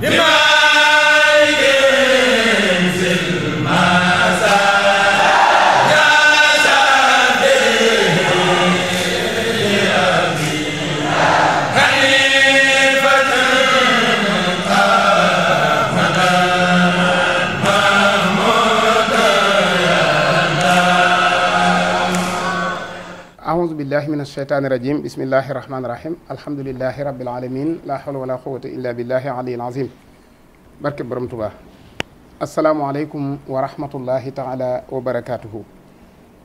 bima billahi min asheytaani rajim bismillahi rahmaani rahim alhamdulilahi rabbil alamin la hawla wala quwata illa billahi aliyil azim barke borom tubaa asalaamualeykum wa taala wa barakatuhu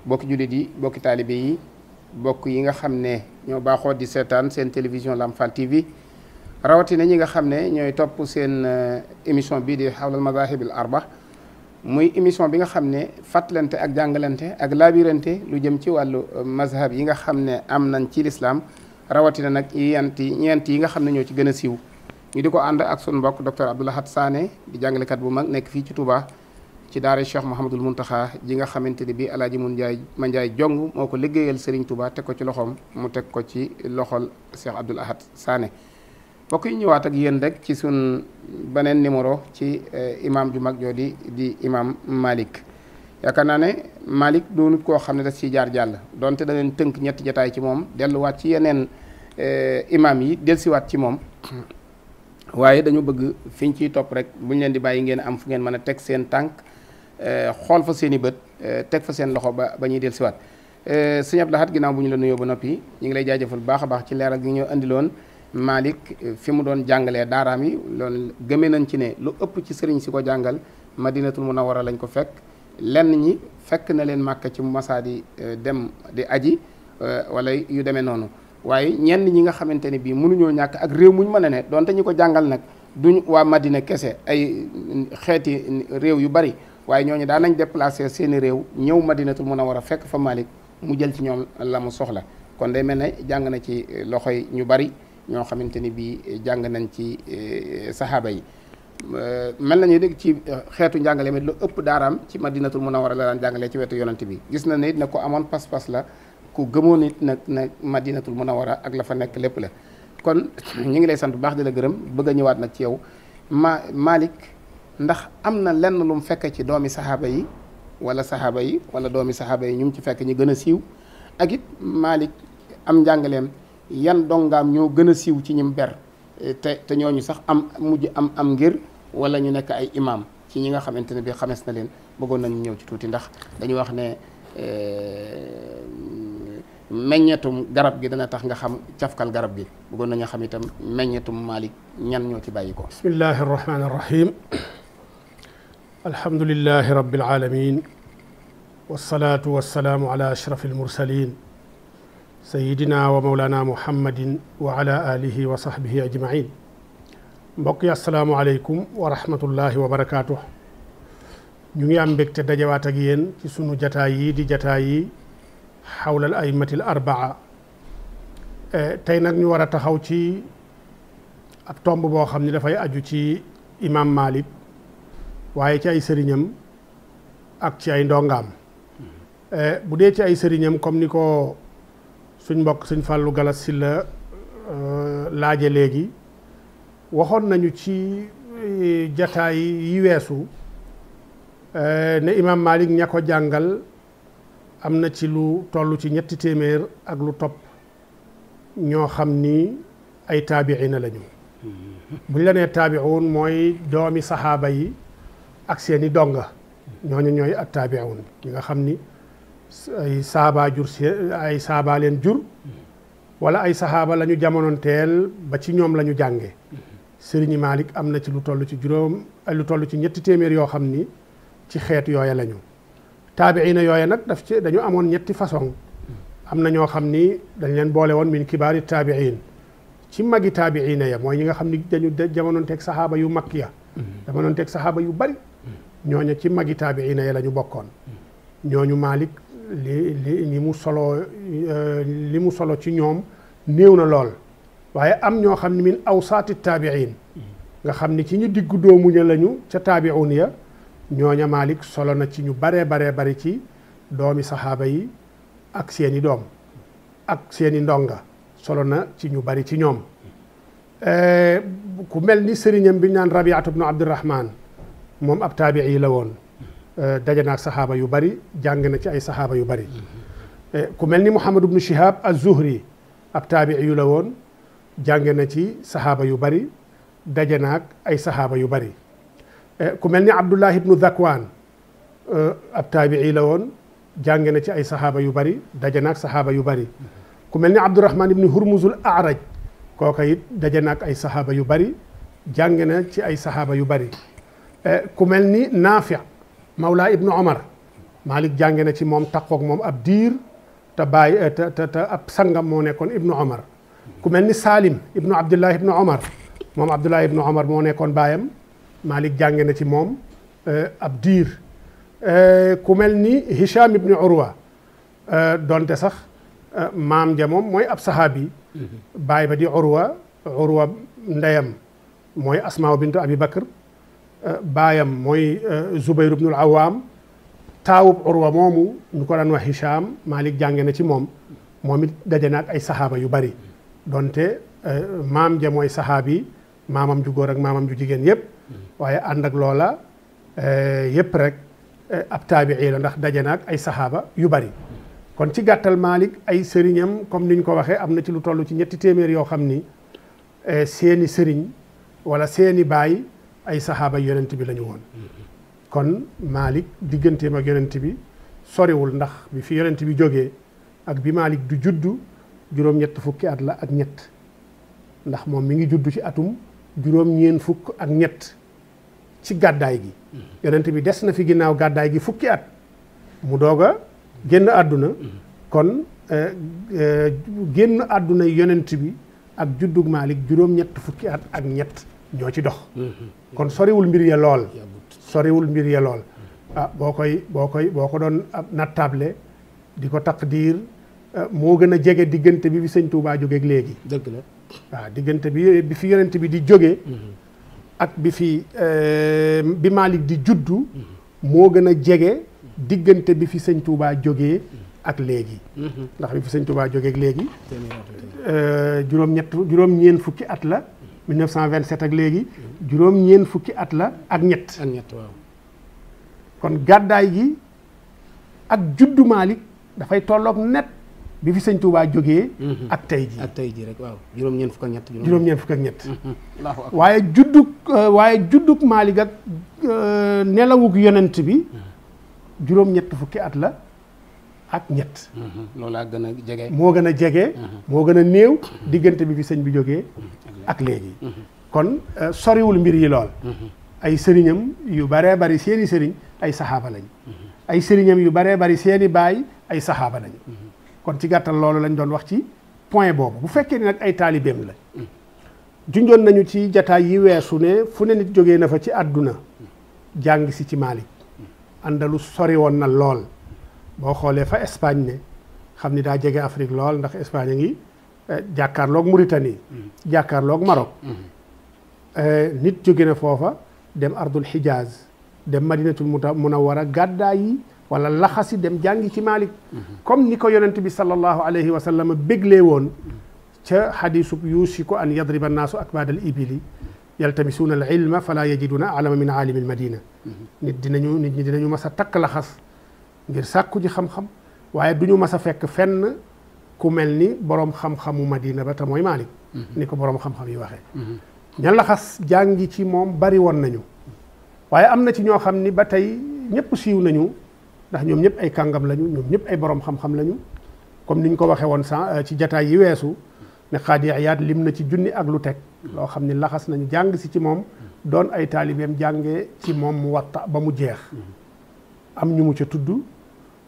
bokki jullit yi bokki taalibe yi yi nga xam ne ñoo baaxoo di seetaan seen télévision Lamfal TV rawatina ñi nga xam ne ñooy topp seen euh, émission bii di xawlal madahibil arba muy émission bi nga xam ne fàttalante ak jàngalante ak laabirante lu jëm ci wàllu euh, mazhab yi nga xam ne am nañ ci lislaam rawatina nag ñeent yi ñeent yi nga xam ne ñoo ci gën a siiw ñu di ko ànd ak sun mbokk docteur Abdou Lahad saane di jàngalekat bu mag nekk fii ci Touba ci daara Cheikh Mouhamadul Mountakha ji nga xamante ne bii El Hadj Mun Ndiaye ma Ndiaye jong moo ko liggéeyal Serigne Touba teg ko ci loxoom mu teg ko ci loxol Cheikh Abdou Lahad Sané. mbokk yi ñëwaat ak yéen rek ci sun beneen numéro ci eh, imam ju mag joo di di imam Malik yaakaar naa ne Malik doonut koo xam ne da ciy jaar jàll donte da leen tënk ñetti jataay ci moom delluwaat ci yeneen eh, imam yi dellusiwaat ci moom waaye dañu bëgg fi ñu ciy topp rek bu ñu leen di bàyyi ngeen am fu ngeen mën a teg seen tànk eh, xool fa seen i bët teg fa seen loxo ba ba ñuy delsiwaat sëñ Abdou Lahad ginnaaw bu ñu la nuyoo ba noppi ñu ngi lay jaajëfal bu baax a baax ci leeral gi ñu andiloon Malick fi mu doon jàngalee daaraam yi loolu gëmee nañ ci ne lu ëpp ci sëriñ si ko jàngal madinatul munawara lañ ko fekk lenn ñi fekk na leen màkk ci masaa di euh, dem di aji euh, wala yu demee noonu waaye ñenn ñi nga xamante ne bii mënuñoo ñàkk ak réew muñ mën a ne donte ñi ko jàngal nag duñ waa madina kese ay xeeti réew yu bari waaye ñooñu daan nañ déplacé seeni réew ñëw madinatul munawara fekk fa malik mu jël ci ñoom la mu soxla kon day mel jàng na ci loxoy ñu bari ñoo xamante ni bii eh, jàng nañ ci eh, saxaaba yi eh, mel nañu dégg ci xeetu njàngale mi lu ëpp daaraam ci madinatul mën a munawwara la daan jàngalee ci wetu yonent bi gis na ne na ko ku amoon pas-pas la ku gëmoon it nag nag madinatul mën a munawwara ak la fa nekk lépp la kon ñu ngi lay sant bu baax di la gërëm bëgg a ñëwaat nag ci yow ma Malick ndax am na lenn lu mu fekk ci doomi saxaaba yi wala saxaaba yi wala doomi saxaaba yi ñu ngi ci fekk ñu gën a siiw ak it Malick am njàngaleem yan dongaam ñoo gën a siiw ci ñim ber eh, te te ñooñu sax am mujj am am ngir wala ñu nekk ay imaam ci ñi nga xamante ne bi xames na leen bëggoon nañu ñëw ci tuuti ndax dañu wax ne eh, meññetum garab gi dana tax nga xam cafkal garab gi bëggoon nañu xam itam meññetum Malik ñan ñoo ci bàyyi ko bismillahi arrahmani arrahim alhamdulillahi rabbil alamin wassalatu wassalaamu ala ashrafil mursalin sayidina wa maulana muhammadin wa ala alihi wa sahbihi ajmain mbokk yi asalaamualeykum wa rahmatullahi wa barakaatu. ñu ngi am mbégte dajawaat ak yéen ci sunu jataay yii di jataay yi xawlal aymatil arbaa e, tey nag ñu war a taxaw ci ab tomb boo xam ni dafay aju ci imam waaye ci ay sëriñam ak ci ay ndongaam e, bu dee ci ay sëriñam comme ni ko suñ mbokk suñ fàllu galas si la euh, laaje léegi waxoon nañu ci e, jataay yi weesu euh, ne imaam Malik ña ko jàngal am na ci lu toll ci ñetti téeméer ak lu topp ñoo xam ni ay taabiina lañu buñ la nee taabiun mooy doomi saxaaba yi ak seeni donga ñooñu ñooy ak taabiun ñi nga xam ni ay saabaa jur ay saabaa leen jur wala ay saxaaba lañu ñu jamonoonteel ba ci ñoom la ñu jànge sëriñ Malick am na ci lu toll ci juróom lu toll ci ñetti téeméer yoo xam ni ci xeet yooya lañu taabiina yooya nag daf ci dañu amoon ñetti façon am na ñoo xam ni dañ leen boole woon min kibaari taabiin ci magi taabiina ya mooy ñi nga xam ni dañu jamononteeg saxaaba yu mag ya jamononteeg saxaaba yu bari ñooña ci magi taabiina ya la bokkoon ñooñu Malick li li li mu solo euh, li mu solo ci ñoom néew na lool waaye am ñoo xam ne min awsaati taabiin nga xam ni ci ñu diggu doomu ña lañu ca taabiun ya ñooña Malik solo na ci ñu baree baree bari ci doomi saxaaba yi ak seeni doom ak seeni ndonga solo na ci ñu bari ci ñoom euh, ku mel ni sëriñam bi ñu naan Rabiatu bnu Abdurahman moom ab taabii la woon Euh, daje na ak saxaaba yu bari jàng na ci ay saxaaba yu bari euh, ku mel ni Muhammad ibnu Shihab az-Zuhri ab taabi yu la woon jànge na ci saxaaba yu bari daje na ak ay saxaaba yu bari euh, ku mel ni Abdullah ibnu Dhakwaan ab taabi na ci ay saxaaba yu bari daje na ak saxaaba yu bari ku mel ni Abdurahman ibnu Hurmuzul Araj kooka it daje na ay saxaaba yu bari jànge na ci ay saxaaba yu bari ku mel ni Naafi Mawlaa Ibnu Omar Malik jànge na ci moom takkoog moom ab diir te bàyyi te te ab sangam moo nekkoon Ibnu Omar ku mel ni Salim Ibnu Abdullah Ibnu Omar moom Abdullah Ibnu Omar moo nekkoon baayam Malik jànge na ci moom eh, ab diir eh, ku mel ni Hisham Ibnu Urwa eh, donte sax maam ja moom mooy ab saxaabi mm-hmm. baay ba di Urwa Urwa ndeyam mooy Asmaa bintu Abi baayam mooy euh, Zubayr ibnul Awaam taawub Urwa moomu ñu ko daan wax Hicham maalik jànge na ci moom moom it daje na ay saxaaba yu bari donte euh, maam ja mooy saxaabi maamam ju góor ak maamam ju jigéen yépp waaye ànd ak loola euh, yépp rek ab taabii la ndax daje na ay saxaaba yu bari kon ci gàttal Malik ay sëriñam comme niñ ko waxee am na ci lu toll ci ñetti téeméer yoo xam ni seeni sëriñ wala seeni baay ay saxaaba yonent bi lañu woon kon Malik digganteem ak yonent bi soriwul ndax bi fi yonent bi jógee ak bi Malik du juddu juróom-ñett fukki at la ak ñett ndax moom mi ngi juddu ci atum juróom-ñeen fukk ak ñett ci gàddaay gi yonent bi des na fi ginnaaw gàddaay gi fukki at mu doog a génn àdduna kon eh, eh, génn àdduna yonent bi ak juddug Malik juróom-ñett fukki at ak ñett ñoo ci dox mm-hmm. kon soriwul mbir ya lool soriwul mbir ya lool a ah, boo koy boo koy boo ko doon ah, nattable di ko takk taqdiir moo gën a jege diggante bi bi sëñ Touba léegi dëgg la diggante bi bi fi yonent bi di jógee ak bi fi bi di juddu moo gën a jege diggante bi fi sëñ Touba ah, jóge mm-hmm. eh, mm-hmm. ak léegi ndax bi fi sëñ Touba jógeeg léegi eh, juróom-ñett fukki at la 1927 ak léegi juróom ñeen fukki at la ak ñett ak ñett waaw kon gàddaay gi ak juddu Malick dafay tolloog net bi fi sëñ Touba jóge mhm. ak tey ji ak tey ji rek waaw juróom ñeen fukk ak ñett mhm. waaye juddug euh, waaye juddug Malick ak euh, nelawug yonent bi mhm. juróom ñett fukki at la ak ñett. Mm-hmm. loolaa gën a jege. moo gën a jege. Mm-hmm. moo gën a néew diggante bi fi sëñ bi jógee mm-hmm. ak léegi. kon euh, soriwul mbir yi lool. ay sëriñam yu baree bari seeni sëriñ ay saxaaba lañ. ay sëriñam yu baree bari seeni baay ay saxaaba lañ. kon ci gàttal loolu lañ doon wax ci point boobu bu fekkee ni nag ay taalibeem la. junjoon nañu ci jataay yi weesu ne fu ne nit jógee na fa ci àdduna jàng si ci Maalik. Andalus sori woon na lool. boo xoolee fa Espagne ne xam ni daa jege Afrique lool ndax Espagne a ngi eh, jàkkaarloog Mauritanie. Mm-hmm. jàkkaarloog Maroc. Mm-hmm. Eh, nit jóge na foofa dem Ardul Hijaz dem Madinatul Munawwara gàddaa yi wala laxasi dem jàngi ci Malik. Mm-hmm. comme ni ko yonent bi sallallahu alayhi wa sallam béglee woon. ca xadisub yuusiku an yadriba annaasu akbaadal ibili yaltamisuuna al ilma fala yajiduna alama min aalimi al madina dina dinañu nit ñi dinañu mas a takk laxas. ngir sàkku ji xam-xam waaye du ñu mas a fekk fenn ku mel ni borom xam-xamu Madina ba te mooy Maalik mm-hmm. ni ko boroom xam-xam yi waxee. Mm-hmm. ña laxas xas jàngi ci moom bari woon nañu. waaye am na ci ñoo xam ni ba tey ñëpp siiw nañu ndax ñoom ñëpp ay kàngam lañu ñoom ñëpp ay borom xam-xam lañu. comme ni ñu ko waxee woon sànq ci jataay yi weesu ne Xaadi Iyaad lim na ci junni ak lu teg loo xam ni laxas nañu jàng si ci moom doon ay taalibeem jàngee ci moom mu watta ba mu jeex mm-hmm. am ñu ca tudd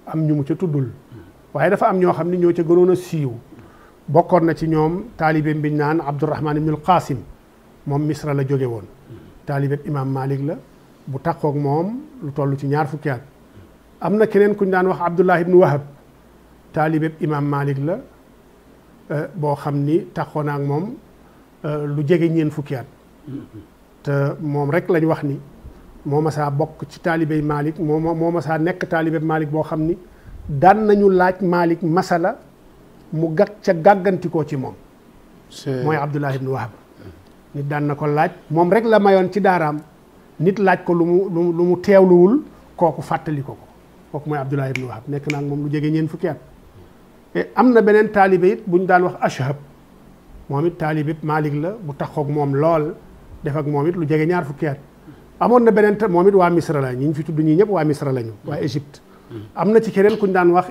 am ñu mu ca tuddul waaye dafa am ñoo xam ne ñoo ca gënoon a siiw bokkoon na ci ñoom taalibeem biñ naan Abdourahman ibnul Qaasim moom Misra la jóge woon taalibeem imaam Malik la bu takkook moom lu toll ci ñaar fukki am na keneen kuñ daan wax Abdullah ibnu Wahab taalibeem imaam Malik la eh, boo xam ni takkoon ak moom eh, lu jege ñeen fukki at mm-hmm. moom rek lañ wax ni moo masaa bokk ci taalibey Malick moo moo masaa nekk taalibe Malick boo xam ni daan nañu laaj Malick masala mu gàg ca gàggantikoo ci moom mooy na ko laaj moom rek la mayoon ci daaraam nit laaj ko lu mu lu mu teewluwul kooku fàttali ko ko kooku mooy Abdullah ibn nekk naa moom lu jege ñeen fukki at am na beneen taalibe it bu ñu daan wax Ashhab moom it taalibe Malick la bu taxoog moom lool def ak moom it lu jege ñaar fukki at amoon na beneen moom it waa Misra la ñu fi tudd ñii ñëpp waa Misra lañu waa Égypte. am na ci keneen ku ñu daan wax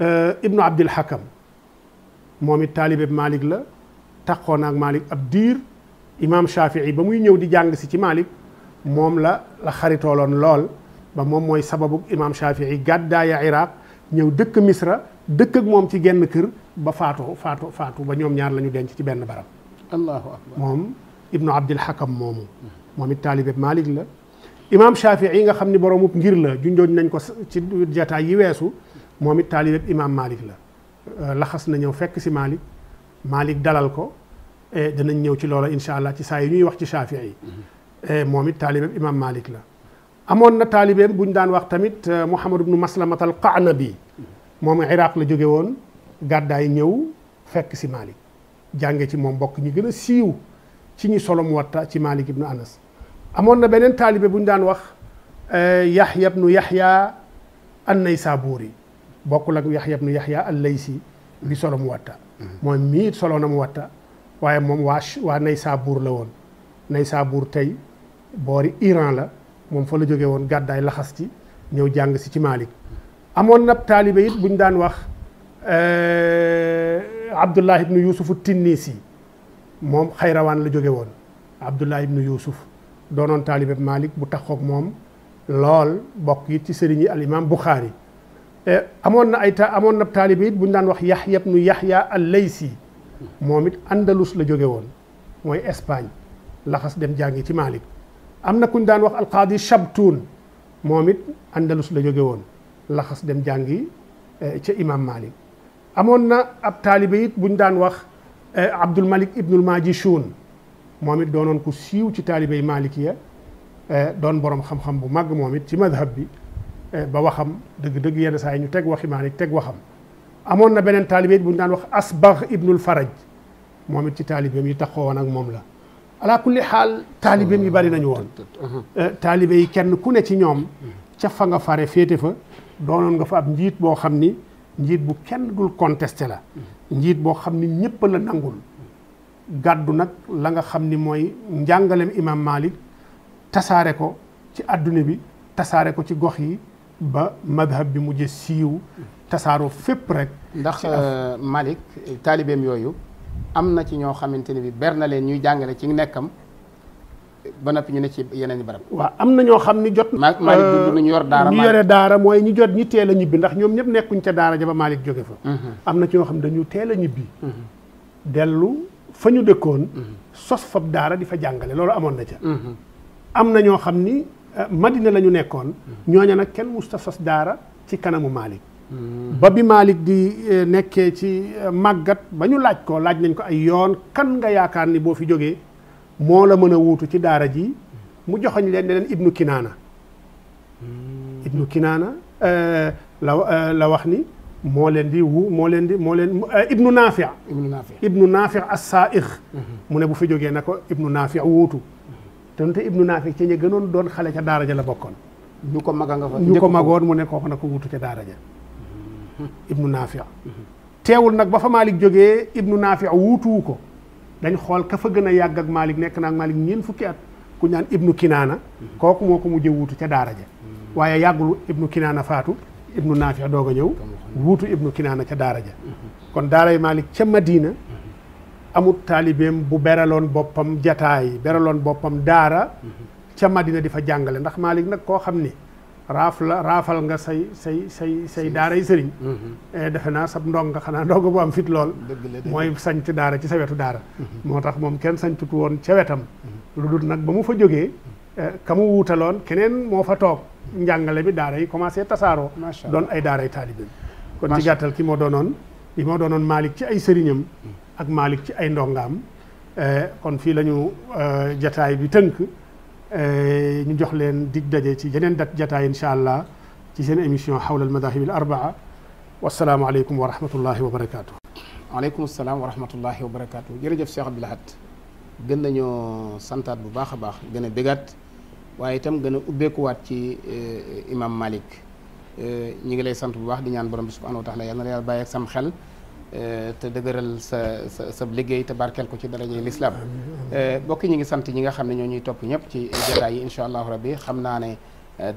euh, Ibnu Abdil Hakam moom it taalibe Malick la taxoon ak Malick ab diir imaam Shafii ba muy ñëw di jàng si ci Malick moom la la xaritooloon lool ba moom mooy sababu imaam Shafii gàddaaya Iraq ñëw dëkk Misra dëkk moom ci genn kër ba faatoo faatoo faatu ba ñoom ñaar lañu denc ci benn barab. allahu akbar moom Ibnu Abdil Hakam moomu. moom it taalibe Malik la imaam yi nga xam ni boromub ngir la junjoon nañ ko ci jataay yi weesu moom it taalibe imaam Malik la euh, laxas na ñëw fekk si Malik Malik dalal ko e danañ ñëw ci loola incha allah ci saa yi ñuy wax ci Shafii yi mm-hmm. moom it taalibe imaam Malik la amoon na taalibeem bu ñu daan wax tamit euh, Muhammad ibnu Maslamat al bi moom Iraq la jóge woon gàddaay ñëw fekk si Malik jànge ci moom mbokk ñi gën a siiw ci ñi solom watta ci Malik ibnu Anas amoon na beneen taalibe bu ñu daan wax eh, yaxya bnu yaxya an yi bokkul ak yaxya nu yaxya al laysi bi solo mu watta mooy mm-hmm. mii solo na mu watta waaye moom waa waa naysaabuur la woon naysaabuur tey boori Iran la moom fa la jóge woon gàddaay laxas ci ñëw jàng si ci Maalik amoon na taalibe it bu ñu daan wax eh, Abdullah ibnu Yuusufu Tinnisi moom xayrawaan la jóge woon Abdullah ibnu Yuusuf doonoon taalibeb maalik bu taxook moom lool bokk it ci sëriñ yi al imam Buxaari e, amoon na ay ta amoon na taalibe it bu ñu daan wax Yaxya ibnu Yaxya al-Laysi moom it Andalus la jóge woon mooy Espagne laxas dem jàngi ci Malik am na ku ñu daan wax alqaadi Shabtun moom it Andalus la jóge woon laxas dem jàngi e, ca imam Malik amoon na ab taalibe it bu ñu daan wax e, Abdul Malik ibnul Majishun moom it doonoon ku siiw ci taalibey Malikiya eh, doon borom xam-xam bu màgg moom it ci madhab bi eh, ba waxam dëgg-dëgg yenn saa yi ñu teg waxi Malik teg waxam. amoon na beneen taalibe bu ñu daan wax Asbagh Ibnul Faraj moom it ci taalibeem yi taxawoon ak moom la ala kulli xaal taalibeem yi bari nañu woon. Eh, taalibe yi kenn ku ne ci ñoom. ca fa nga fare féete fa doonoon nga fa ab njiit boo xam ni njiit bu kenn dul contesté la. njiit boo xam ni ñëpp la nangul. gàddu nag la nga xam ni mooy njàngaleem imam Malik tasaare ko ci àdduna bi tasaare ko ci gox yi ba madhab bi mujje siiw tasaaroo fépp rek. ndax euh, Malik taalibeem yooyu am na ci ñoo xamante ne bi ber na leen ñuy jàngale ci nekkam ba noppi ñu ne ci yeneen i barab. waaw am na ñoo xam ni jot. Malik dund ñu yor daara euh, ñu daara mooy ñu jot ñu teel a ñibbi ndax ñoom ñëpp nekkuñ ca daara ja ba Malik jóge fa. Mm-hmm. am na ci ñoo xam ne dañu teel a ñibbi. Mm-hmm. dellu. fa ñu dëkkoon sos fab daara di fa jàngale loolu amoon na ca mm-hmm. am na ñoo xam ni eh, madina la ñu nekkoon mm-hmm. ñooña nag kenn musta sos daara ci kanamu Malick mm-hmm. ba bi Malick di eh, nekkee ci eh, màggat ba ñu laaj ko laaj nañ ko ay yoon kan nga yaakaar ni boo fi jógee moo la mën a wuutu ci daara ji mu joxoñ leen ne leen ibnu kinaana ibnu kinaana la la wax ni moo leen di wu moo leen di moo leen eh, ibnu naafi ibnu naafi ibnu naafi as-saaix mm-hmm. mu ne bu fi jógee na ko ibnu naafi wuutu mm-hmm. donte ibnu naafi ca ña gënoon doon xale ca daara ja la bokkoon ñu ko maga nga fa ko magoon mu ne ko na ko wuutu ca daara ja mm-hmm. ibnu naafi teewul nag ba fa Malick jógee ibnu naafi wuutuwu ko dañ xool ka fa gën a yàgg ak Malick nekk naa ak Malick ñeent fukki at ku ñaan ibnu kinaana kooku moo ko mujjee wuutu ca daara ja waaye yàggul ibnu kinaana faatu ibnu Naafi doog a ñëw wuutu ibnu Kinaana ca daara ja kon daaray Malick ca Madina amut taalibeem bu beraloon boppam jataay beraloon boppam daara ca Madina di fa jàngale ndax Malick nag koo xam ni raaf la raafal nga say say say say daaray sëriñ mhm. eh, defe naa sab ndong nga xanaa ndong bu am fit lool mooy sanc daara ci sa wetu daara mhm. moo tax moom kenn sañtut woon ca wetam mhm. lu dul nag ba mu fa jógee eh, kamu mu wuutaloon keneen moo fa toog njàngale bi daara yi commencé tasaaroo doon ay daaray taalibe kon ci gàttal ki moo doonoon li moo doonoon Malick ci ay sëriñam ak Malick ci ay ndongaam eh, kon fii la ñu eh, jataay bi tënk eh, ñu jox leen dig daje ci yeneen dat jataay incha allah ci seen émission xawla al madahib al arbaa wasalaamualeykum wa rahmatullahi wa barakaatu. waaleykum salaam wa rahmatullahi wa barakaatu jërëjëf Cheikh Abdoul Ahad gën nañoo santaat bu baax a baax gën a bégaat waaye itam gën a ubbeekuwaat ci eh, imam Malik eh, ñi ngi lay sant bu baax di ñaan borom bi subhaanahu wa taala yal na la yàlla bàyyi ak sam xel eh, te dëgëral sa sa sa liggéey te barkeel ko ci daraje lislaam bokk ñi ngi sant ñi nga xam ne ñoo ñuy topp ñëpp ci jataay yi incha allahu rabbi xam naa ne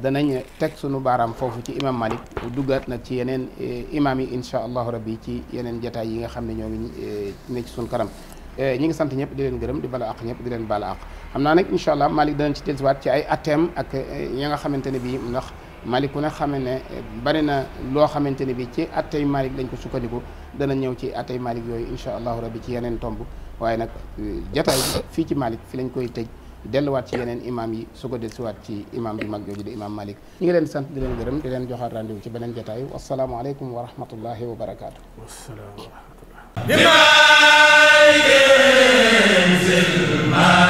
danañ teg sunu baaraam foofu ci imam Malik duggaat nag ci yeneen imaam yi incha allahu rabbi ci yeneen jataay yi nga xam ne ñoo ne ci suñ kanam Eh, ñi ngi sant ñëpp di leen gërëm di bala àq ñëpp di leen bala àq xam naa nag incha allah Malick danañ ci dellusiwaat ci ay atteem ak ñi eh, nga xamante ne bii ndax Malick ku ne xame ne eh, bari na loo xamante ne bii ci attey Malick lañ ko sukkandiku dana ñëw ci attey Malick yooyu incha allahu rabbi ci yeneen tomb waaye nag jataay fii ci Malick fi lañ koy tëj delluwaat ci yeneen imam yi su ko dellusiwaat ci imam bi mag jooju di imam Malick ñi ngi leen sant di leen gërëm di leen joxaat rendez-vous ci beneen jataay wassalaamu aleykum wa rahmatullahi wa barakaatu. Amazing